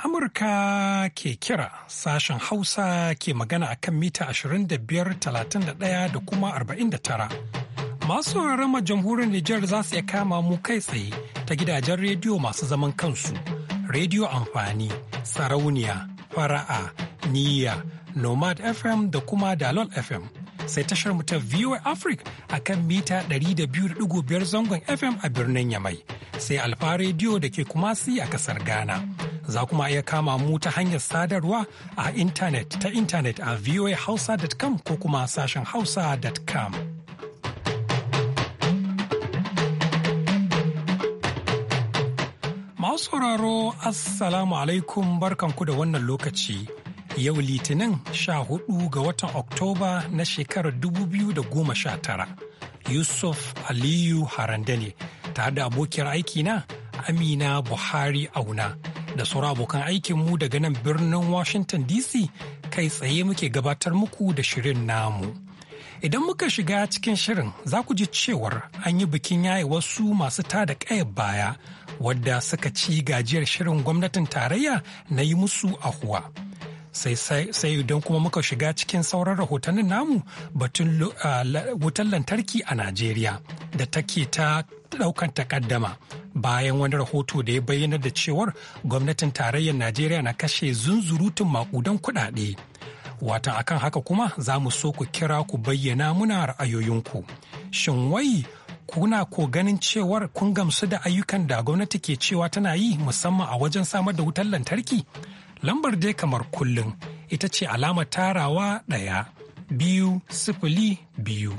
Amurka ke kira sashen Hausa ke magana a kan mita 25,31 da kuma 49. Masu rama jamhuriyar Nijar za su iya kama mu kai tsaye ta gidajen rediyo masu zaman kansu, rediyo amfani, sarauniya, fara'a, niyya, nomad FM da kuma dalol FM. sai tashar mu ta VOA Africa a kan mita 200.5 zangon FM a birnin Yamai, sai Alfa Radio da ke Kumasi a kasar Ghana. Za kuma iya kama mu ta hanyar sadarwa a intanet ta intanet a voahausa.com ko kuma sashen hausa.com. Masu sauraro, Assalamu alaikum barkanku da wannan lokaci. yau litinin 14 ga watan oktoba na shekarar 2019 yusuf aliyu harandale tare da abokiyar aikina amina buhari auna da sauran abokan aikinmu daga nan birnin washington dc kai tsaye muke gabatar muku da shirin namu idan muka shiga cikin shirin za ku ji cewar an yi bikin yaye wasu masu tada kayan baya wadda suka ci gajiyar shirin gwamnatin tarayya na yi musu ahuwa. sai don kuma muka shiga cikin sauran rahotannin namu batun wutar lantarki a najeriya da take ta daukan takaddama bayan wani rahoto da ya bayyana da cewar gwamnatin tarayyar najeriya na kashe zunzurutun makudan kudade watan akan haka kuma za mu so ku kira ku bayyana muna ra'ayoyinku shin wai kuna ko ganin cewar kun gamsu da ayyukan da gwamnati ke cewa tana yi musamman a wajen samar da wutar lantarki Lambar dai kamar kullum ita ce alama tarawa ɗaya biyu sifili biyu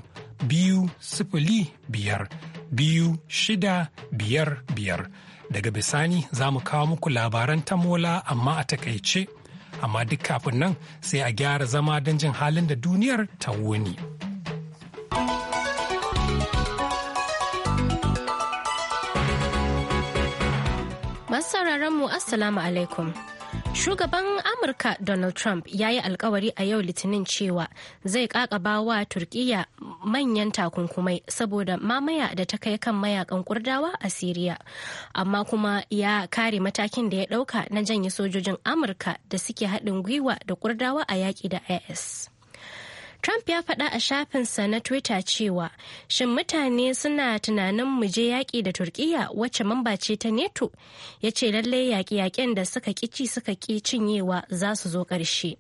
biyu sifili biyar biyu shida biyar biyar. Daga bisani za mu kawo muku labaran tamola amma a takaice. Amma duk kafin nan sai a gyara zama don jin halin da duniyar ta wuni. Masu sauraron mu Assalamu alaikum. Shugaban Amurka Donald Trump ya yi alkawari a yau Litinin cewa zai kakaba wa Turkiyya manyan takunkumai saboda mamaya da ta kai kan mayakan kurdawa a Siriya. Amma kuma ya kare matakin da ya dauka na janye sojojin Amurka da suke haɗin gwiwa da kurdawa a yaƙi da IS. Trump ya faɗa a shafinsa na Twitter cewa shin mutane suna tunanin mu je yaƙi da Turkiyya wacce mamba ce ta NATO? Ya ce lallai yaƙi-yaƙen da suka ƙici suka ƙi cinyewa za su zo ƙarshe.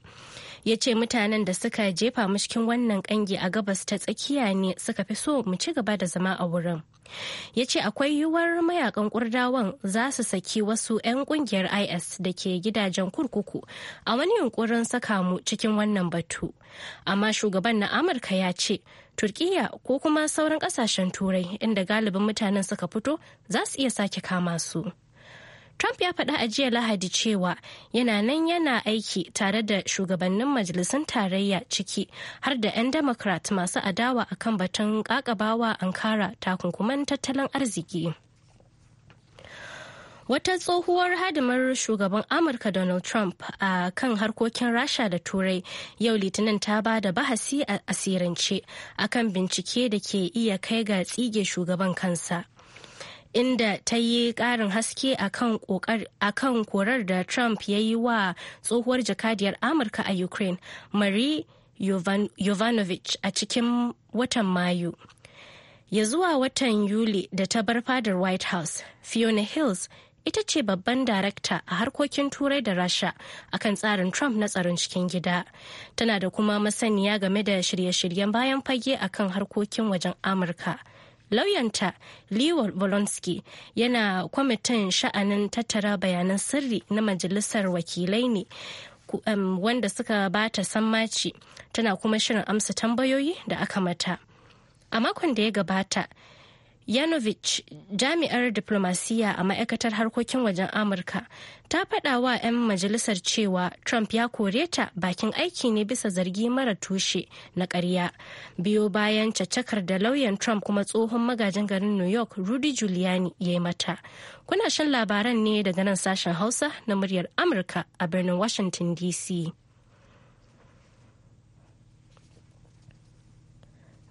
Ya ce mutanen da suka jefa mu cikin wannan ƙangi a gabas ta tsakiya ne suka fi so mu ci gaba da zama a wurin. ya ce akwai yiwuwar mayakan kurdawan za su saki wasu 'yan kungiyar is da ke gidajen kurkuku a wani yunkurin saka mu cikin wannan batu amma shugaban na amurka ya ce turkiya ko kuma sauran kasashen turai inda galibin mutanen suka fito za su iya sake kama su. Trump ya faɗa a jiya Lahadi cewa yana nan yana aiki tare da shugabannin majalisun tarayya ciki har da 'yan Democrat masu adawa akan batun ƙaƙabawa Ankara takunkuman tattalin arziki. Wata tsohuwar hadimar shugaban Amurka Donald Trump a kan harkokin Rasha da Turai yau Litinin ta ba da bahasi a asirance akan bincike da ke iya kai ga tsige shugaban kansa. inda ta yi ƙarin haske a kan korar da Trump ya yi wa tsohuwar jakadiyar Amurka a Ukraine, Marie Yovanovich a cikin watan Mayu. Ya zuwa watan Yuli da ta bar fadar White House, Fiona Hills ita ce babban darakta a harkokin turai da rasha akan tsarin trump na tsaron cikin gida tana da kuma masaniya game da shirye-shiryen bayan fage akan harkokin wajen amurka lauyanta liwa volonsky yana kwamitin sha'anin tattara bayanan sirri na majalisar wakilai ne wanda suka bata sammaci tana kuma shirin amsa tambayoyi da aka mata a makon da ya gabata Yanovich jami'ar diplomasiya a ma'aikatar harkokin wajen Amurka ta faɗa wa 'yan majalisar cewa Trump ya kore ta bakin aiki ne bisa zargi mara tushe na ƙarya. Biyo bayan cacakar da lauyan Trump kuma tsohon magajin garin New York Rudy Giuliani ya yi mata. Kuna shan labaran ne daga nan sashen Hausa na muryar Amurka a birnin Washington DC.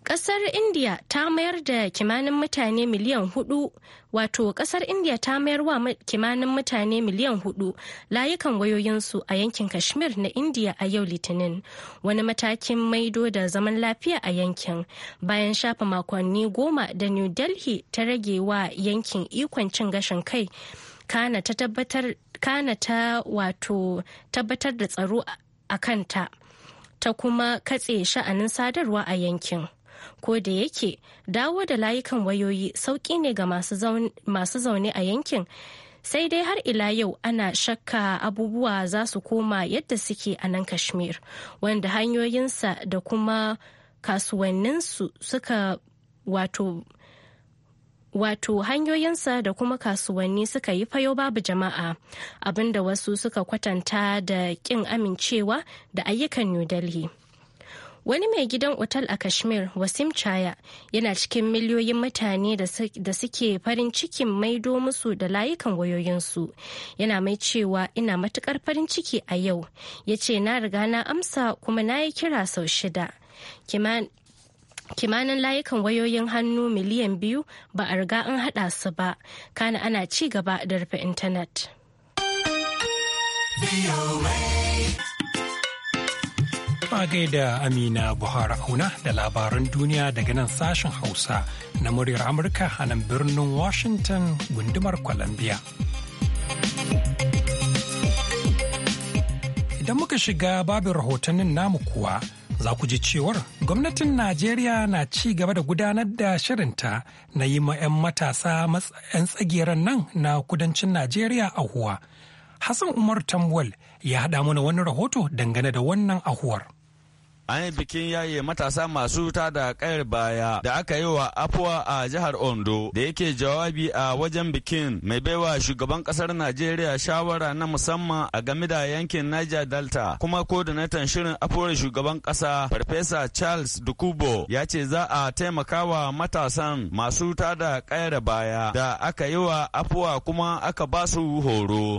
Kasar India ta mayar da kimanin mutane miliyan hudu wato kasar India ta mayar wa kimanin mutane miliyan hudu layukan wayoyinsu a yankin Kashmir na India a yau Litinin wani matakin maido da zaman lafiya a yankin bayan shafa makonni goma da New Delhi ta rage wa yankin ikon cin gashin kai kana ta tabbatar kana ta wato tabbatar da tsaro a kanta ta kuma katse sha'anin sadarwa a yankin. ko da yake dawo da layukan wayoyi sauƙi ne ga masu zaune a yankin sai dai har ila yau ana shakka abubuwa za su koma yadda suke a nan kashmir wanda hanyoyinsa da kuma kasuwanninsu suka wato wato hanyoyinsa da kuma kasuwanni suka yi fayo babu jama'a abinda wasu suka kwatanta da kin amincewa da ayyukan new delhi Wani mai gidan otal a Kashmir, Wasim Chaya, yana cikin miliyoyin mutane da suke farin cikin maido musu da layukan wayoyinsu. Yana mai cewa ina matukar farin ciki a yau. Ya ce na riga na amsa kuma na yi kira sau shida. kimanin layukan wayoyin hannu miliyan biyu ba a riga an hada su ba kana ana ci gaba da rufe intanet. Ba gaida Amina Buhari Auna da labaran duniya daga nan sashen Hausa na muryar Amurka a nan birnin Washington gundumar Columbia. Idan muka shiga babin rahotannin namu kuwa za ku ji cewar gwamnatin Najeriya na ci gaba da gudanar da shirinta na yi ma 'yan matasa 'yan tsagiran nan na kudancin Najeriya a huwa. Hassan Umar Tamwal ya haɗa mana wani rahoto dangane da wannan ahuwar. an yi bikin yaye matasa masu ta da kayar baya da aka yi wa afuwa a jihar ondo da yake jawabi a wajen bikin mai baiwa shugaban kasar najeriya shawara na musamman a game da yankin niger delta kuma kodinatan shirin afuwar shugaban kasa farfesa charles dukubo ya ce za a taimaka wa matasan masu ta da kayar baya da aka yi wa afuwa kuma aka ba su horo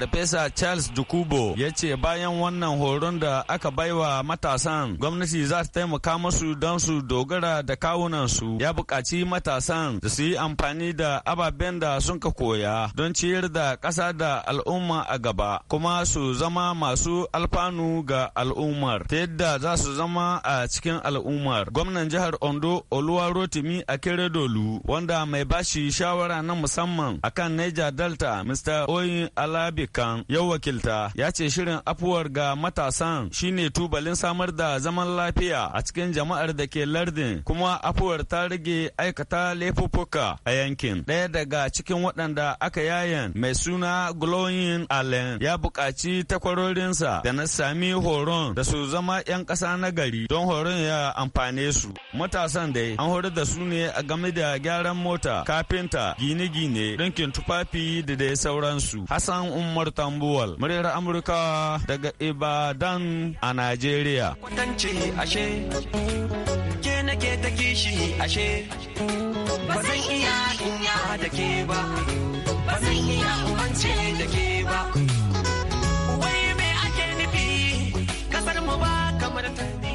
Farfesa Charles Dukubo ya ce bayan wannan horon da aka baiwa matasan gwamnati za ta taimaka masu don su dogara da kawunansu ya bukaci matasan da su yi amfani da ababen da sun ka koya don ciyar da ƙasa da al'umma a gaba kuma su zama masu alfanu ga al'ummar ta yadda za su zama a cikin al'ummar. Gwamnan jihar Ondo Oluwarotimi Akeredolu wanda mai bashi shawara na musamman akan Niger Delta Mr. Oyin Alabi Jikan yau wakilta ya ce shirin afuwar ga matasan shine tubalin samar da zaman lafiya a cikin jama'ar da ke lardin kuma afuwar ta rage aikata laifuffuka a yankin. Ɗaya daga cikin waɗanda aka yayan mai suna Glowing Allen ya buƙaci takwarorinsa da na sami horon da su zama 'yan ƙasa na gari don horon ya amfane su. Matasan dai an horar da su ne a game da gyaran mota, kafinta, gine-gine, ɗinkin tufafi da dai sauransu. Hassan Muhammad Tambuwal, muryar Amurka daga Ibadan a Najeriya.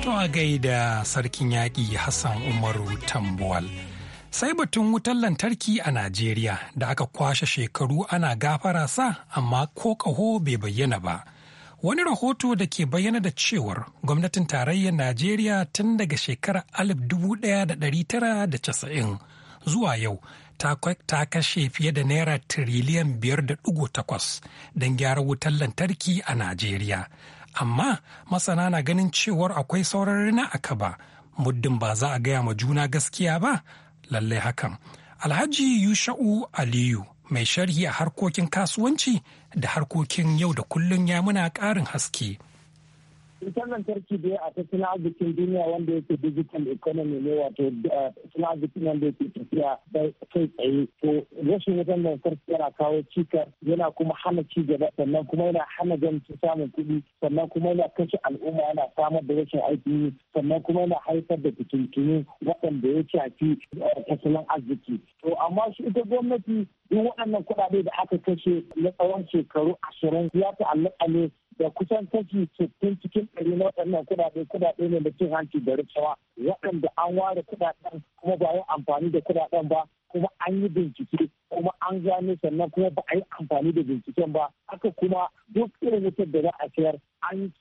To a gaida sarkin yaƙi Hassan Umaru Tambuwal. Sai batun wutar lantarki a Najeriya da aka kwashe shekaru ana gafara sa amma ko kaho bai bayyana ba. Wani rahoto da ke bayyana da cewar gwamnatin tarayyar Najeriya tun daga shekarar 1990 zuwa yau ta kashe fiye da naira tiriliyan takwas don gyara wutar lantarki a Najeriya. Amma masana na ganin cewar akwai sauran rina a kaba. muddin ba za a gaya ma juna gaskiya ba lallai hakan alhaji yusha'u aliyu mai sharhi a harkokin kasuwanci da harkokin yau da kullun ya muna ƙarin haske Cutar lantarki dai a tattalin arzikin duniya wanda yake digital economy ne wato tattalin arzikin wanda yake tafiya kai tsaye. To rashin wutar lantarki yana kawo cikas yana kuma hana ci gaba sannan kuma yana hana gwamnati samun kuɗi sannan kuma yana kashe al'umma yana samar da rashin aiki sannan kuma yana haifar da fitintunu waɗanda ya shafi tattalin arziki. To amma shi ita gwamnati duk waɗannan kuɗaɗe da aka kashe na tsawon shekaru ashirin ya allaka ne da kusan kashi sittin cikin ɗari na waɗannan kuɗaɗe kuɗaɗe ne na cin hanci da rashawa waɗanda an ware kuɗaɗen kuma ba yi amfani da kuɗaɗen ba kuma an yi bincike kuma an gano sannan kuma ba a yi amfani da binciken ba haka kuma duk irin wutar da za a sayar an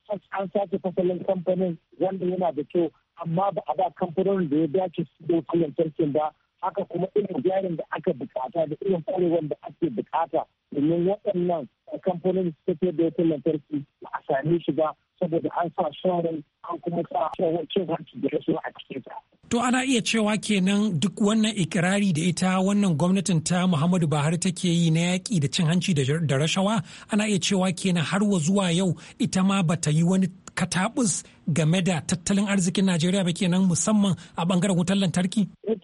sace fasalin kamfanin wanda yana da kyau amma ba a ba kamfanin da ya dace su da wutar lantarkin ba haka kuma irin jarin da aka bukata da irin kwarewar da ake bukata domin waɗannan kamfanin da suka da wata lantarki a same shi ba saboda an sa shawarar an kuma sa shawarar cin hanci da rasuwa a cikin ta. To ana iya cewa kenan duk wannan ikirari da ita wannan gwamnatin ta Muhammadu Buhari take yi na yaƙi da cin hanci da rashawa ana iya cewa kenan har wa zuwa yau ita ma bata yi wani katabus game da tattalin arzikin Najeriya ba kenan musamman a bangaren wutar lantarki? Eh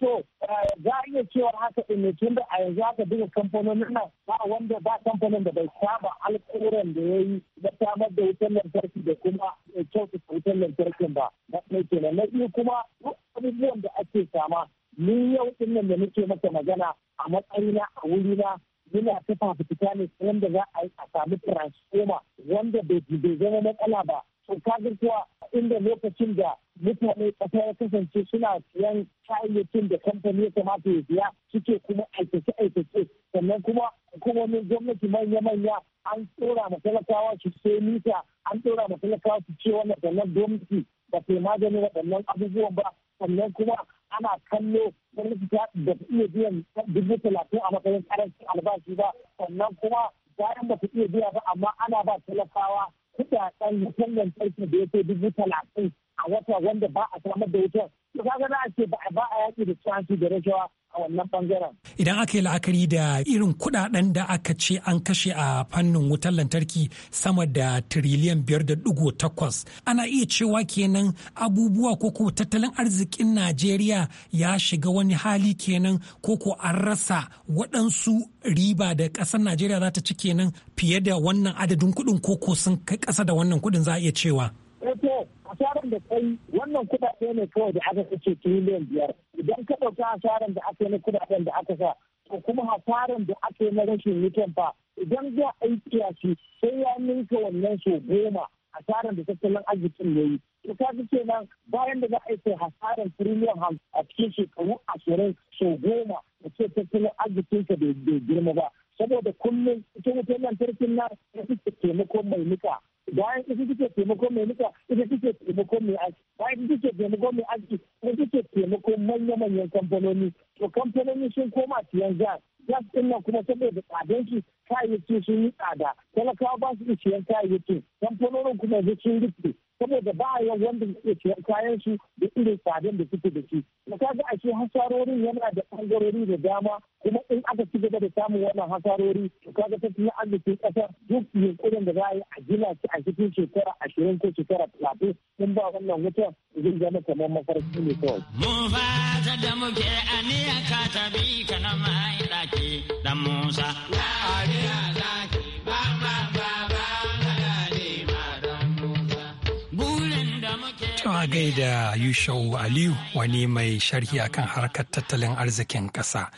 za a iya cewa haka ɗin ne tun da a yanzu haka duka kamfanonin nan ba wanda ba kamfanin da bai saba alƙawuran da ya yi na samar da wutar lantarki da kuma kyautata wutar lantarkin ba na ɗaya kenan na biyu kuma duk abubuwan da ake sama ni yau ɗin nan da nake maka magana a matsayina a wurina yana ta fafutuka ne wanda za a yi a sami transformer wanda bai zama matsala ba to kaga cewa inda lokacin da mutane ƙasa ya kasance suna siyan kayayyakin da kamfani ya kamata ya siya suke kuma aikace aikace sannan kuma hukumomin gwamnati manya-manya an tsora ma talakawa su sai nisa an tsora ma talakawa su ce wannan sannan gwamnati ba sai magani waɗannan abubuwan ba sannan kuma ana kallo gwamnati ta da iya biyan dubu talatin a matsayin karancin albashi ba sannan kuma bayan ba ta iya biya ba amma ana ba talakawa mutum wutan lantarki da ya ce dubu talatin a wata wanda ba a samar da wutar. To za a ce ba a yaƙi da tsanci da rashawa a wannan bangaren. Idan aka yi la'akari da irin kuɗaɗen da aka ce an kashe a fannin wutar lantarki sama da tiriliyan biyar da dugo takwas, ana iya cewa kenan abubuwa ko ko tattalin arzikin Najeriya ya shiga wani hali kenan ko ko an rasa waɗansu riba da ƙasar Najeriya za ta ci kenan fiye da wannan adadin kuɗin ko ko sun kai ƙasa da wannan kuɗin za a iya cewa. Eto, eh a da kai wannan kuɗaɗe ne kawai da aka kace tiriliyan biyar. idan ka ɗauka hasaran da aka yi na kudaden da aka sa to kuma hasaran da aka yi na rashin wutan fa idan za a yi kiyasi sai ya ninka wannan so goma hasaran da tattalin arzikin ya yi to ka fi kenan bayan da za a yi hasaran tiriliyan ham a cikin shekaru ashirin so goma da ce tattalin ka bai girma ba saboda kullum ita wutar lantarkin nan ya fi taimakon mai nika bayan isa take taimakon mai nika ita take taimakon mai aiki ita take taimakon mai aski ko take taimakon manya-manyan kamfanoni to kamfanoni sun koma siyan gas gas din nan kuma saboda tsadan shi kayayyaki sun yi tsada talakawa ba su siyan kayayyakin kamfanonin kuma yanzu sun rufe saboda ba a yau wanda suke ciyar kayan su da irin tsadan da suke da shi da kaga a hasarorin yana da ɓangarori da dama kuma in aka ci gaba da samun wannan hasarori to kaga tattalin arzikin ƙasa duk yunkurin da za a yi a gina shi a cikin shekara ashirin ko shekara talatin in ba wannan wuta. zai zama kamar mafarki ne kawai. mu ba ta da mu a ka ta bi kana ma'aikaci dan musa. Tun a gaida Yushau Aliyu wani mai sharhi akan harkar tattalin arzikin ƙasa.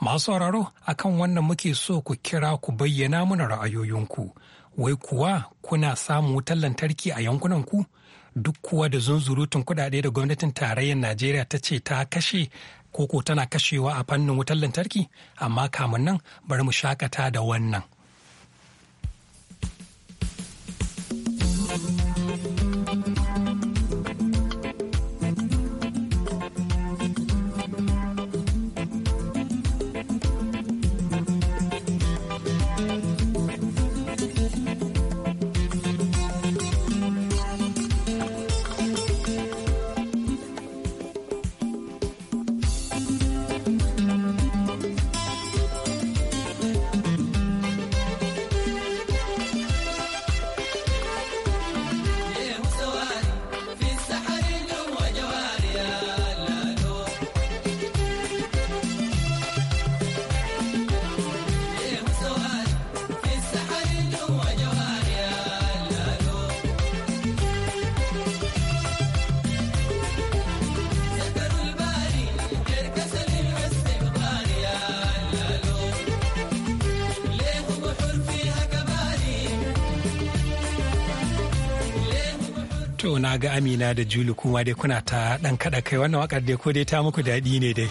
Masu sauraro akan wannan muke so ku kira ku bayyana mana ra'ayoyinku. Wai kuwa kuna samun wutar lantarki a yankunanku? Duk kuwa da zunzurutun kuɗaɗe da gwamnatin tarayyar Najeriya ta ce ta kashe koko tana kashewa a fannin wutar lantarki? Amma kamun nan bari mu shakata da wannan. na ga amina da juli kuma dai kuna ta ɗan kaɗa kai wannan wakar dai ko dai ta muku daɗi ne dai.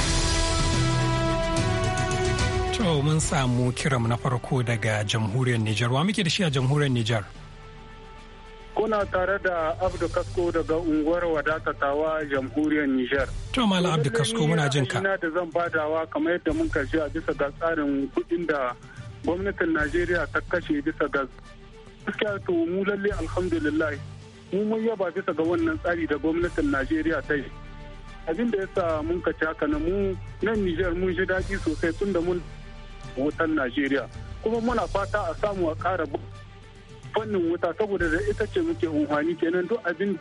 To mun samu kiram na farko daga jamhuriyar Nijar. Wa muke da shi a jamhuriyar Nijar? Kuna tare da Abdu Kasko daga unguwar wadatatawa jamhuriyar Nijar. To Mala Abdu Kasko muna jin ka. Ina da zan badawa kamar yadda mun kashi a bisa ga tsarin kudin da gwamnatin Najeriya ta kashe bisa ga gaskiya to mu lalle alhamdulillah mu mun yaba bisa ga wannan tsari da gwamnatin Najeriya ta yi. Abin da yasa mun kaci haka na mu nan Nijar mun ji daɗi sosai tun da mun wutan najeriya kuma muna fata a samu a ƙara fannin wuta saboda da ita ce muke unhwani kenan duk abin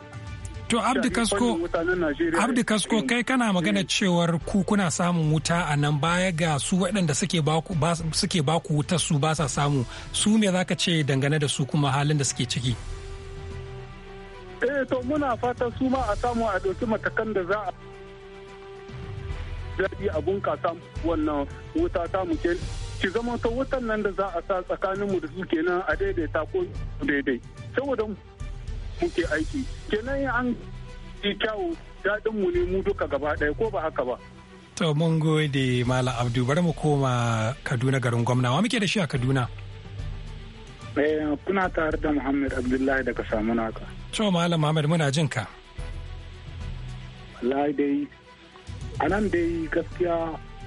To Abdi Kasko, kai kana magana eh. cewar ku kuna samun wuta a nan baya ga su waɗanda suke baku wuta wutar su ba sa samu su me za ka ce dangane da su kuma halin da suke ciki? Eh to muna fata su ma a samu a ɗauki matakan da za a daɗi a bunƙasa wannan wuta ta mu ki zama ta wutan nan da za a sa tsakaninmu da su kenan a daidaita ko daidai saboda muke aiki kenan an yi kyawu daɗinmu ne mu duka gaba ɗaya ko ba haka ba to mun gode malam abdu bari mu koma kaduna garin gwamna wa muke da shi a kaduna eh, kuna tare da muhammad abdullahi daga naka to malam muhammad muna jin ka wallahi dai a nan dai gaskiya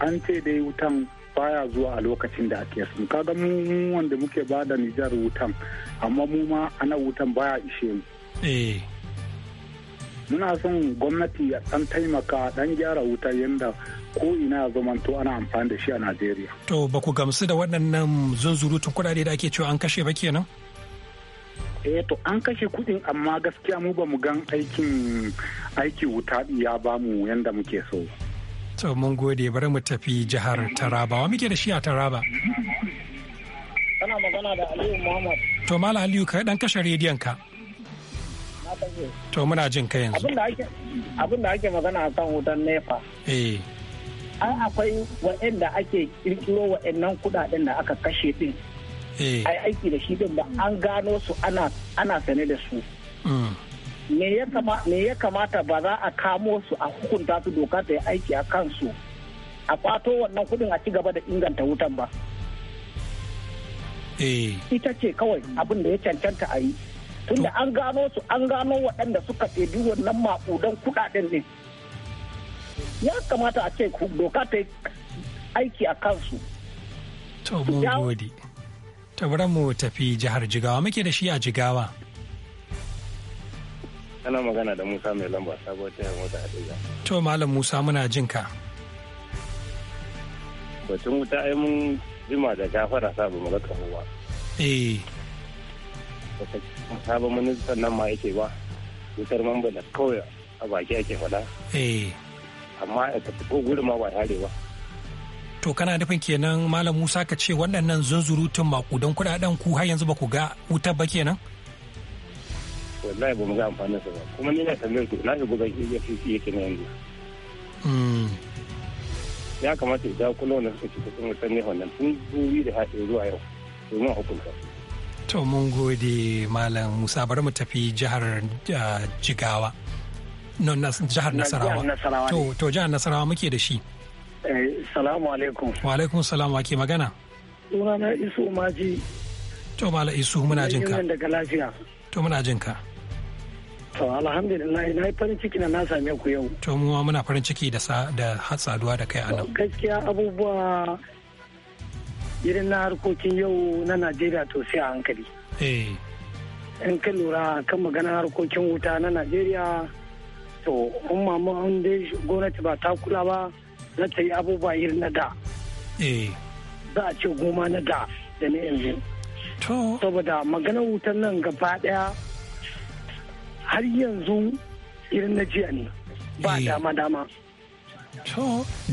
an ce dai wutan baya zuwa a lokacin da ake so kaga mu wanda muke ba da nijar wutan amma mu ma ana wutan baya ishe mu eh. muna son gwamnati ya dan taimaka dan gyara wuta yadda ko ina ya zamanto ana amfani da shi a najeriya to ba ku gamsu da waɗannan zunzurutun kuɗaɗe da ake cewa an kashe ba kenan eh to an kashe kuɗin amma gaskiya mu ba mu gan aikin aiki wuta ya ba mu yadda muke so To mun gode bari mu tafi jihar Taraba. Wa muke da shi a Taraba? Kana magana da Aliyu Muhammad. To Mala Aliyu ka dan kashe rediyon ka. To muna jin ka yanzu. Abin da ake magana a kan wutan nefa. Eh. Ai akwai waɗanda ake kirkiro wa'annan kuɗaɗen da aka kashe din. Eh. Ai aiki da shi din ba an gano su ana sane da su. Mm. me ya kamata ba za a kamo su a hukunta su doka ta yi aiki a kansu a kwato wannan kudin a ci gaba da inganta wutan ba eh. ita ce kawai abin da ya cancanta a yi tunda an gano su an gano waɗanda suka ɗebi wannan maƙudan kudaden ne ya kamata a ce doka ta yi aiki a kansu to mu tafi jihar jigawa muke da shi a jigawa Ana magana da Musa mai lamba sabuwar tayar mota a Diga. To Malam Musa muna jin ka. Batun wuta ai mun jima da gafara sa ba mu ga kawo ba. Eh. Sabon ministan nan ma yake ba. Wutar mamba da kawai a baki ake faɗa. Eh. Amma a tafi ko gudun ma ba tare ba. to kana nufin kenan malam musa ka ce waɗannan zunzurutun makudan kuɗaɗen ku har yanzu ba ku ga wutar ba kenan wallahi ba mu ga amfanin sa ba kuma ni na tambayar ku na shigo zaki iya fi yake na yanzu hmm. ya kamata idan kula wannan suka ci kusan wutar ne wannan tun dubi da haɗe zuwa yau domin hukunta to mun gode malam musa bari mu tafi jihar ah, jigawa no jihar nasarawa to to jihar nasarawa muke da shi eh, salamu alaikum wa alaikum salam wa ke magana sunana isu maji to mala isu muna jinka daga lafiya to muna jin ka. To alhamdulillah na yi farin ciki na na same ku yau. To mu muna farin ciki da da saduwa da kai a nan. Gaskiya abubuwa irin na harkokin yau na Najeriya to sai a hankali. Eh. In ka lura kan magana harkokin wuta na Najeriya to in mamu an dai gwamnati ba ta kula ba za ta yi abubuwa irin na da. Eh. Za a ce goma na da da ni yanzu. To. Saboda maganar wutan nan gaba ɗaya. har yanzu irin na jiya ne ba eh. dama dama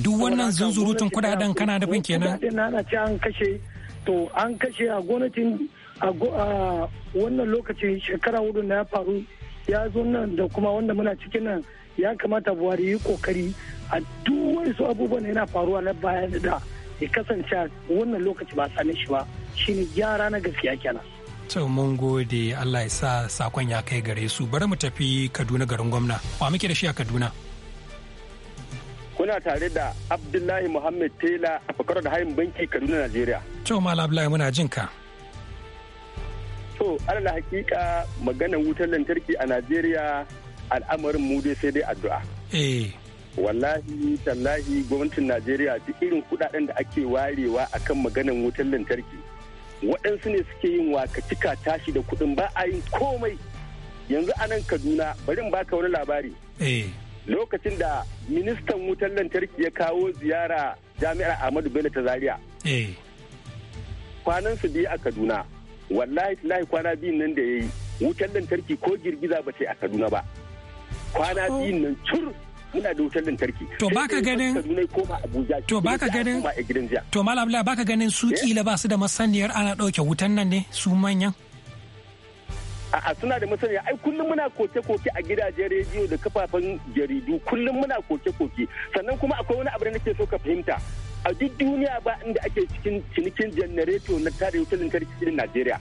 duk wannan zunzurutun kudaden kana da fin kenan kudaden na ce an kashe to an kashe a gwamnatin a wannan lokaci shekara hudu na ya faru ya zo nan da kuma wanda muna cikin nan ya kamata buhari yi kokari a duk wasu abubuwan yana faruwa na baya da ya kasance wannan lokaci ba same shi ba shine gyara na gaskiya kenan to mun gode Allah ya sa sakon ya kai gare su bari mu tafi Kaduna garin gwamna wa muke da shi a Kaduna kuna tare da Abdullahi Muhammad Tela a fakar da hayin banki Kaduna Najeriya to malam Abdullahi muna jin ka to alala hakika maganar wutar lantarki a Najeriya al'amarin mu dai sai dai addu'a eh wallahi tallahi gwamnatin najeriya duk irin kudaden da ake warewa akan maganar wutar lantarki waɗansu ne suke yin waka cika tashi da kuɗin ba a yin komai yanzu a nan kaduna bari baka wani labari eh. lokacin da ministan wutar lantarki ya kawo ziyara jami'ar ahmadu bello ta zaria eh. kwanan su biyu a kaduna wallahi lahi kwana biyun nan da ya yi wutar lantarki ko girgiza ba ce a kaduna ba kwana oh. biyun nan cur ina da wutar lantarki to baka ganin to baka ganin to malam la baka ganin su eh? kila ba su da masaniyar ana dauke wutan nan ne su manyan a'a suna da masaniya ai kullum muna koke-koke a gidajen rediyo da kafafen jaridu kullum muna koke-koke sannan kuma akwai wani abu da nake so ka fahimta a duk duniya ba inda ake cikin cinikin janareto na tare wutar lantarki irin najeriya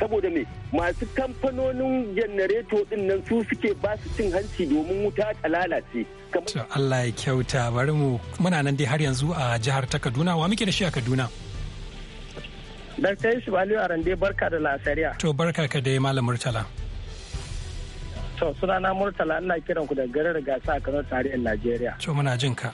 saboda me masu kamfanonin janareto din nan su suke ba su cin hanci domin wuta ta lalace to Allah ya kyauta bari mu muna nan dai har yanzu a jihar ta Kaduna wa muke da shi a Kaduna Dr. Yusuf Aliyu Arande barka da lasariya to barka ka dai malam Murtala to na Murtala ina kiran ku da garar gasa a Kano tarihin Najeriya to muna jin ka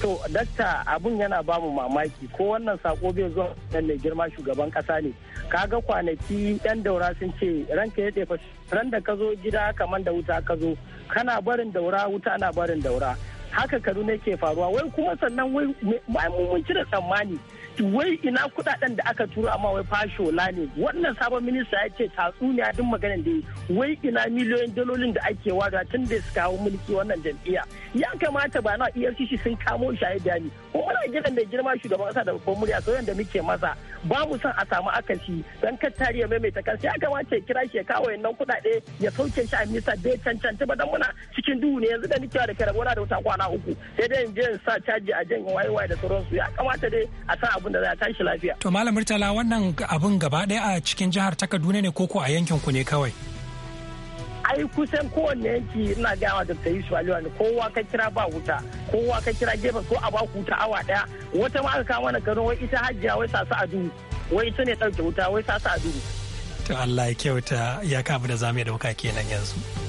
to dakta abun yana ba mu mamaki ko wannan sako bai zo nan ne girma shugaban kasa ne kaga kwanaki yan daura sun ce ranka ya tefa ran da ka zo gida kamar da wuta ka zo kana barin daura wuta na barin daura haka kaduna ke faruwa wai kuma sannan wai mummunci da tsammani wai ina kudaden da aka turo amma wai fashola ne wannan sabon minista ya ce tatsuniya duk maganin da wai ina miliyoyin dalolin da ake wada tun da suka kawo mulki wannan jam'iyya ya kamata ba na efcc sun kamo shi a yadda ko muna gidan da girma shugaban kasa da babban murya sauran da muke masa ba mu son a samu akasi dan kar tariya mai kansa ya kamata ya kira shi ya kawo kudade ya sauke shi a minista bai cancanci ba dan muna cikin duhu ne yanzu da nake da kai da wata kwana uku sai dai in je in sa caji a jan wayewaye da sauransu ya kamata dai a sa abin da za a tashi lafiya. To Malam Murtala wannan abin gaba ɗaya a cikin jihar ta Kaduna ne ko a yankin ku ne kawai. ai kusan kowanne yanki ina gawa da tayi su aliwa ne kowa ka kira ba wuta kowa ka kira gefe ko a ba wuta awa ɗaya wata ma aka kawo mana gano wai ita hajjiya wai sasa a duhu wai ita ne ɗauke wuta wai sasa a duhu. to Allah ya kyauta ya kamu da zamu ya dauka kenan yanzu.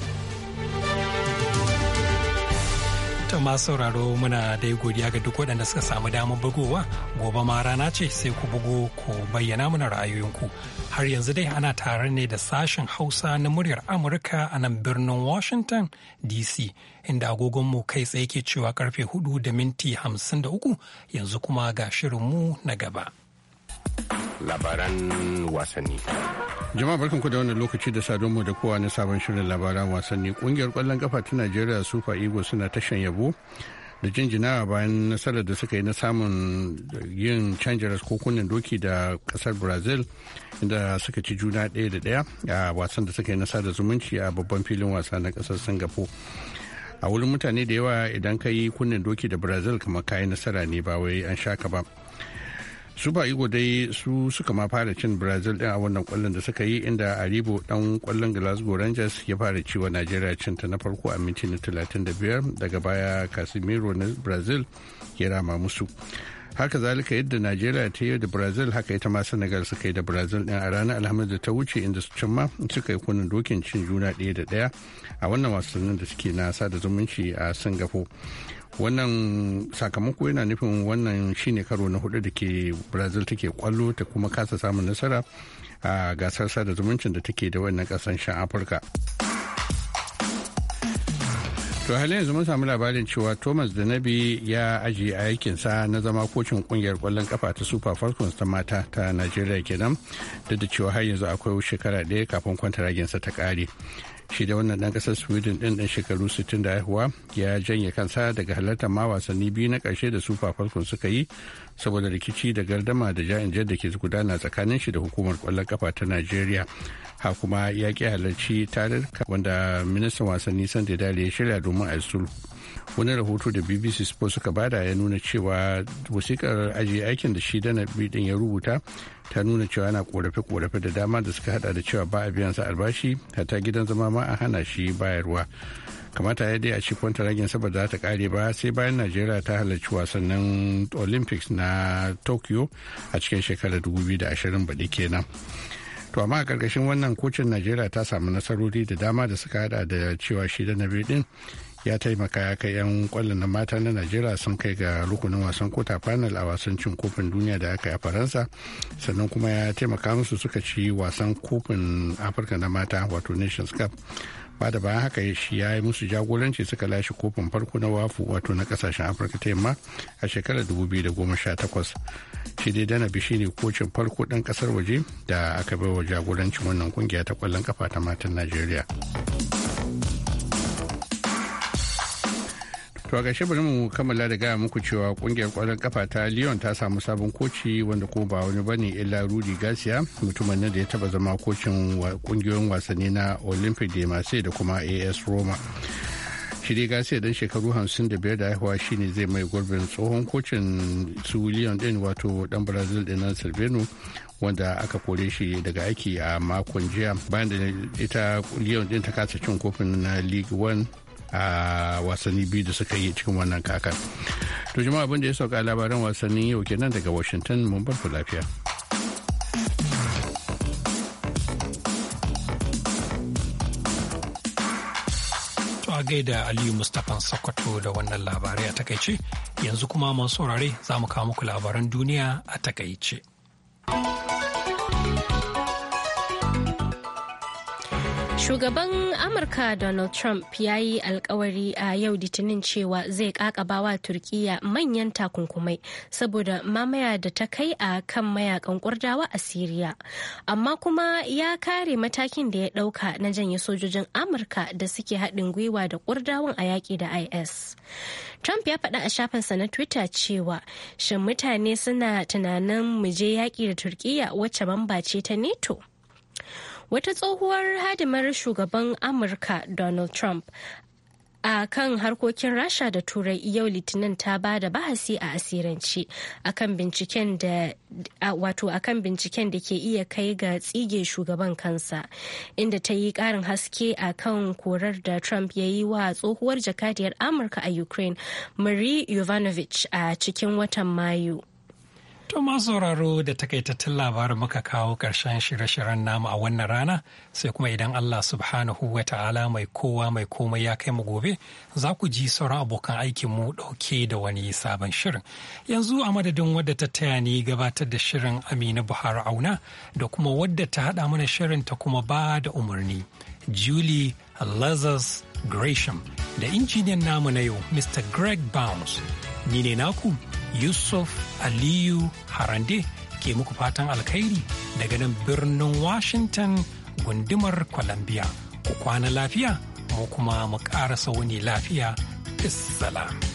ta masu sauraro muna dai godiya ga duk waɗanda suka samu damar bugowa gobe ma rana ce sai ku bugo ku bayyana mana ra'ayoyinku har yanzu dai ana tare ne da sashen hausa na muryar amurka a nan birnin washington dc inda agogonmu kai tsaye ke cewa karfe 4 da minti 53 yanzu kuma ga shirinmu na gaba. labaran wasanni. Jama'a barkanku da wannan lokaci da sadonmu da kowa na sabon shirin labaran wasanni. Kungiyar kwallon kafa ta Najeriya sufa Eagles suna tashan yabo da jinjinawa bayan nasarar da suka yi na samun yin canjaras kokunan doki da kasar Brazil inda suka ci juna ɗaya da ɗaya a wasan da suka yi na sada zumunci a babban filin wasa na kasar Singapore. a wurin mutane da yawa idan ka yi kunnen doki da brazil kamar kayi nasara ne ba wai an sha ka ba Super igo dai su suka ma fara cin Brazil din a wannan kwallon da suka yi inda Aribo dan kwallon Glasgow Rangers ya fara ciwa nigeria cin ta na farko a minti na 35 daga baya casimiro na Brazil ya rama musu. haka zalika yadda nigeria ta yi da brazil haka ita ma senegal suka yi da brazil din a ranar alhamis da ta wuce inda su cimma ma suka yi kunin dokin cin juna daya da daya a wannan wasannin da suke na sada zumunci a singapore wannan sakamako yana nufin wannan shine karo na hudu da ke brazil take kwallo ta kuma kasa samun nasara a gasar sada zumuncin da take da wannan kasan shan afirka to halin yanzu mun samu labarin cewa thomas da nabi ya ajiye a aikinsa na zama kocin kungiyar kwallon kafa ta super falcons ta mata ta nigeria kenan duk da cewa har yanzu akwai shekara ɗaya kafin kwantaragensa ta kare. shi da wannan dan kasar sweden din dan shekaru 60 da haihuwa ya janye kansa daga halartar ma wasanni biyu na karshe da super falcons suka yi saboda rikici da gardama da ja'in da ke gudana tsakanin shi da hukumar kwallon kafa ta nigeria ha kuma ya ki halarci tarurruka wanda ministan wasanni sanda dali ya shirya domin a sulhu wani rahoto da bbc sports suka bada ya nuna cewa wasikar ajiye aikin da shi dana din ya rubuta ta nuna cewa yana korafe-korafe da dama da suka hada da cewa ba a biyan sa albashi hatta gidan zama ma a hana shi bayarwa kamata ya dai a ci ragin saboda za ta kare ba sai bayan najeriya ta halarci wasannin olympics na tokyo a cikin shekarar 2020 baɗi kenan to amma a ƙarƙashin wannan kocin najeriya ta samu nasarori da dama da suka hada da cewa shi da na biyu din ya taimaka ya kai 'yan kwallon na mata na najeriya sun kai ga rukunin wasan kota final a wasan cin kofin duniya da aka yi a faransa sannan kuma ya taimaka musu suka ci wasan kofin afirka na mata wato nations cup ba da bayan haka shi ya yi musu jagoranci suka lashe kofin farko na wafu wato na kasashen afirka ta yamma a shekarar 2018 shi dai shi ne kocin farko dan kasar waje da aka bai wa jagorancin wannan kungiya ta kwallon kafa ta matan najeriya To ƙarshe bari mu kammala da gaya muku cewa kungiyar kwallon kafa ta Lyon ta samu sabon koci wanda ko ba wani bane illa Rudi Garcia mutumin nan da ya taba zama kocin ƙungiyoyin wasanni na Olympic de Marseille da kuma AS Roma. Shirya Garcia dan shekaru 55 da haihuwa shine zai mai gurbin tsohon kocin su Lyon din wato dan Brazil din nan Silvino wanda aka kore shi daga aiki a makon jiya bayan da ita Lyon din ta kasa cin kofin na League One a wasanni biyu da suka yi cikin wannan kakar to jama'a abin da ya sauka labaran wasanni yau kenan daga washington mun bar ku lafiya a gaida aliyu mustapha sokoto da wannan labarai a takaice yanzu kuma masu saurare za mu kawo muku labaran duniya a takaice. Shugaban Amurka Donald Trump ya yi alkawari a yau litinin cewa zai ƙaƙabawa Turkiyya manyan takunkumai saboda mamaya da ta kai a kan mayakan kurdawa a Siriya. Amma kuma ya kare matakin da ya dauka na janye sojojin Amurka da suke haɗin gwiwa da kurdawan a yaƙi da IS. Trump ya faɗa a shafinsa na Twitter cewa shin mutane suna tunanin mu je yaƙi da Turkiyya wacce ta NATO? wata tsohuwar hadimar shugaban amurka donald trump a kan harkokin rasha da turai yau litinin ta ba da bahasi a asirance a kan akan binciken da ke iya kai ga tsige shugaban kansa inda ta yi karin haske a kan korar da trump ya yi wa tsohuwar jakadiyar amurka a ukraine marie yovanovich a cikin watan mayu To masu sauraro da takaitattun labarin muka kawo ƙarshen shirye-shiryen namu a wannan rana sai kuma idan Allah subhanahu wa ta'ala mai kowa mai komai ya kai mu gobe za ku ji sauran abokan aikin mu ɗauke da wani sabon shirin. Yanzu a madadin wadda ta taya ni gabatar da shirin Aminu Buhari Auna da kuma wadda ta haɗa mana shirin ta kuma ba da umarni. Julie Lazarus Gresham da injiniyan namu na yau Mr. Greg Bounds. Ni ne naku Yusuf Aliyu Harande ke muku fatan alkhairi daga nan birnin Washington gundumar Columbia. Ku kwana lafiya, mu kuma mu ƙarasa wani lafiya. Assalam.